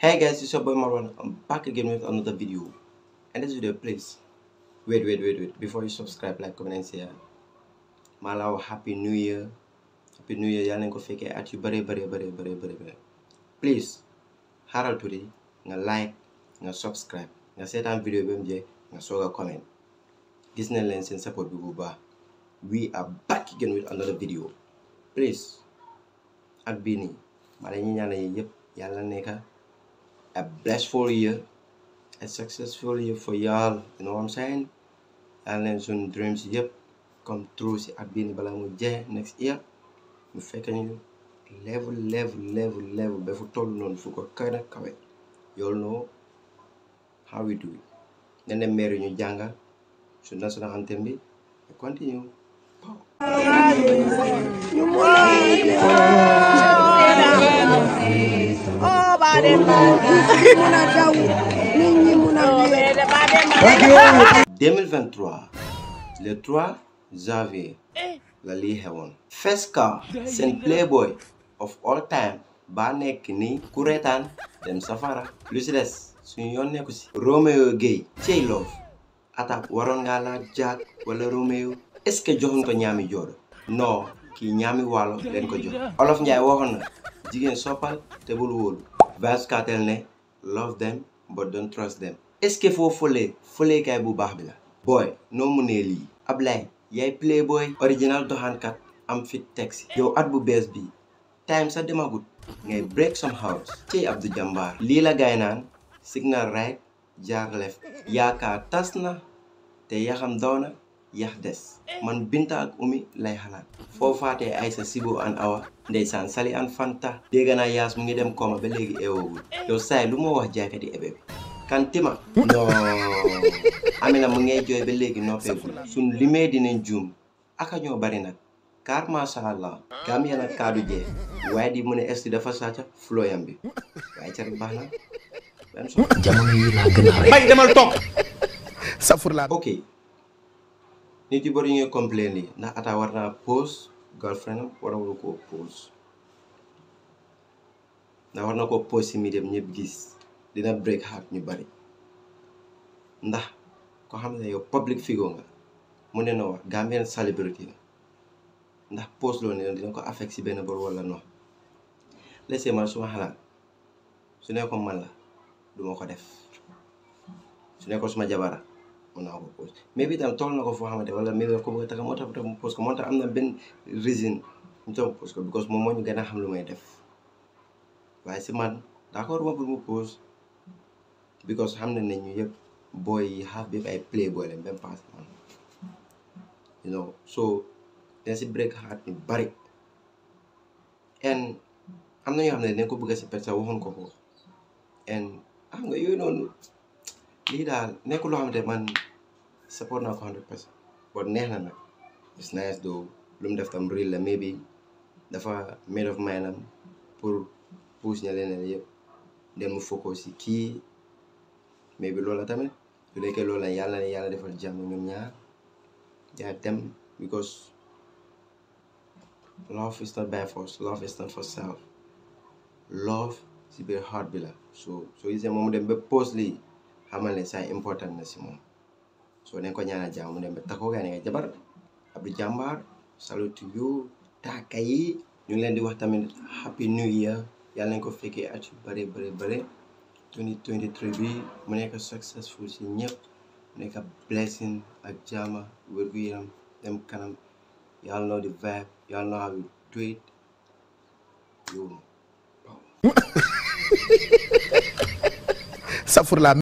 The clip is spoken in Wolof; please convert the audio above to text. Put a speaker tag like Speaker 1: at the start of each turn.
Speaker 1: Hey guys, it's your boy Marwan. I'm back again with another video. And this video, please, wait, wait, wait, wait. Before you subscribe, like, comment, and share. Malau, Happy New Year. Happy New Year. Yalan ko fake at you. bare bare bare bare bare bare. Please, haral today nga like, nga subscribe, nga setan video bem je, nga soga comment. Disney lens and support bi bu We are back again with another video. Please, at bini, mala ñi Yalan neka. Yalan neka a blessful year, a successful year for y'all. You know what I'm saying? Yal leen some dreams yep, come true See, I've been ni balaa next year mu fake you level level level level Before told non noonu fu kind kawe na kawe yool how we do it. Then nene maire so jàngal suñu national anthem I continue. Oh. 2023 le 3 janvier la lii xewoon Fesca seen playboy of all time baa nekk ni ku reetaan dem safara lu si des suñu yoon nekku ci Romeo Gueye cey love attaque waroon ngaa laaj Jack wala Romeo est-ce que joxuñ ko ñaami joodo non kii ñaami waalo leen ko jox Olof Njaay waxoon jigéen soppal te bul verse 14 ne love them but don't trust them est-ce que foo fëlee fëleekaay bu baax bi la booy noo mënee lii Ablaye yaay playboy original doxaankat am fit taxi yow at bu bees bi time sa demagut ngay break house cey Abdou Jambaar lii la gaay naan signal right jaar left yaakaar tas na te yaxam daw na yahdes man binta ak umi lay xalaat foo faatee aysa sibo an awa ndeysaan sali an fanta degana yas mu ngi dem koma ba léegi ewoogul yo say lu wax jakati ebe kan kantima no. amina mu ngay joy ba léegi nopé sun limé dinañ djum aka ñoo bari car ma sha allah gam yana kaadu jee way di mu ne est dafa saaca flooyam bi waaye carit baax na jamono yi la gën rek bay demal tok safur la okay ni bari ñu complain complaini na ata na pose girlfriend wala wuru ko pose na ko pose mi dem ñep gis dina break heart ñu bari ndax ko xamne yow public figure nga mu ne na wax gambian celebrity ndax pose lo ne dina ko affect ci benn bor wala no laissez moi suma xalaat su ne ko man la duma ko def su ne ko suma jabara mun naa ko pose mais bi tam toll na ko foo xamante wala mais daf ko bëgg moo tax mu pose ko moo tax am na benn résine ñu tax mu pose ko because a xam lu may def waaye si man d'accord ma pour mu pose ne nañ ñu yëpp booy yi xaaf bi ay play booy lañ même pas man bari am na ñoo xam ne dañ ko bëgg si personne ko ko nga yooyu noonu lii daal nekkul loo xamante man support naa ko hundred percent but neex na nag it's nice though lu mu def tam real la maybe dafa made of mind am pour push ña leneen yëpp dem mu focus si kii maybe loola tamit su nekkee loola yàlla ne yàlla defal jàmm ñoom ñaar yaa dem because love is not by force love is not for self love is biir heart bi la so soo gisee moom dem ba post lii ne sa important na simo so ne ko nyana jamu nen ba tako gane jabar abdou jambar salut to you takayi ñu leen di wax tamit happy new year yalla nañ ko fekkee at yu bare bare bare 2023 bi mu nekk successful si ñepp nekk blessing ak jaama wër gu yaram dem kanam y'all know the vibe y'all know how to do it you Ça fout la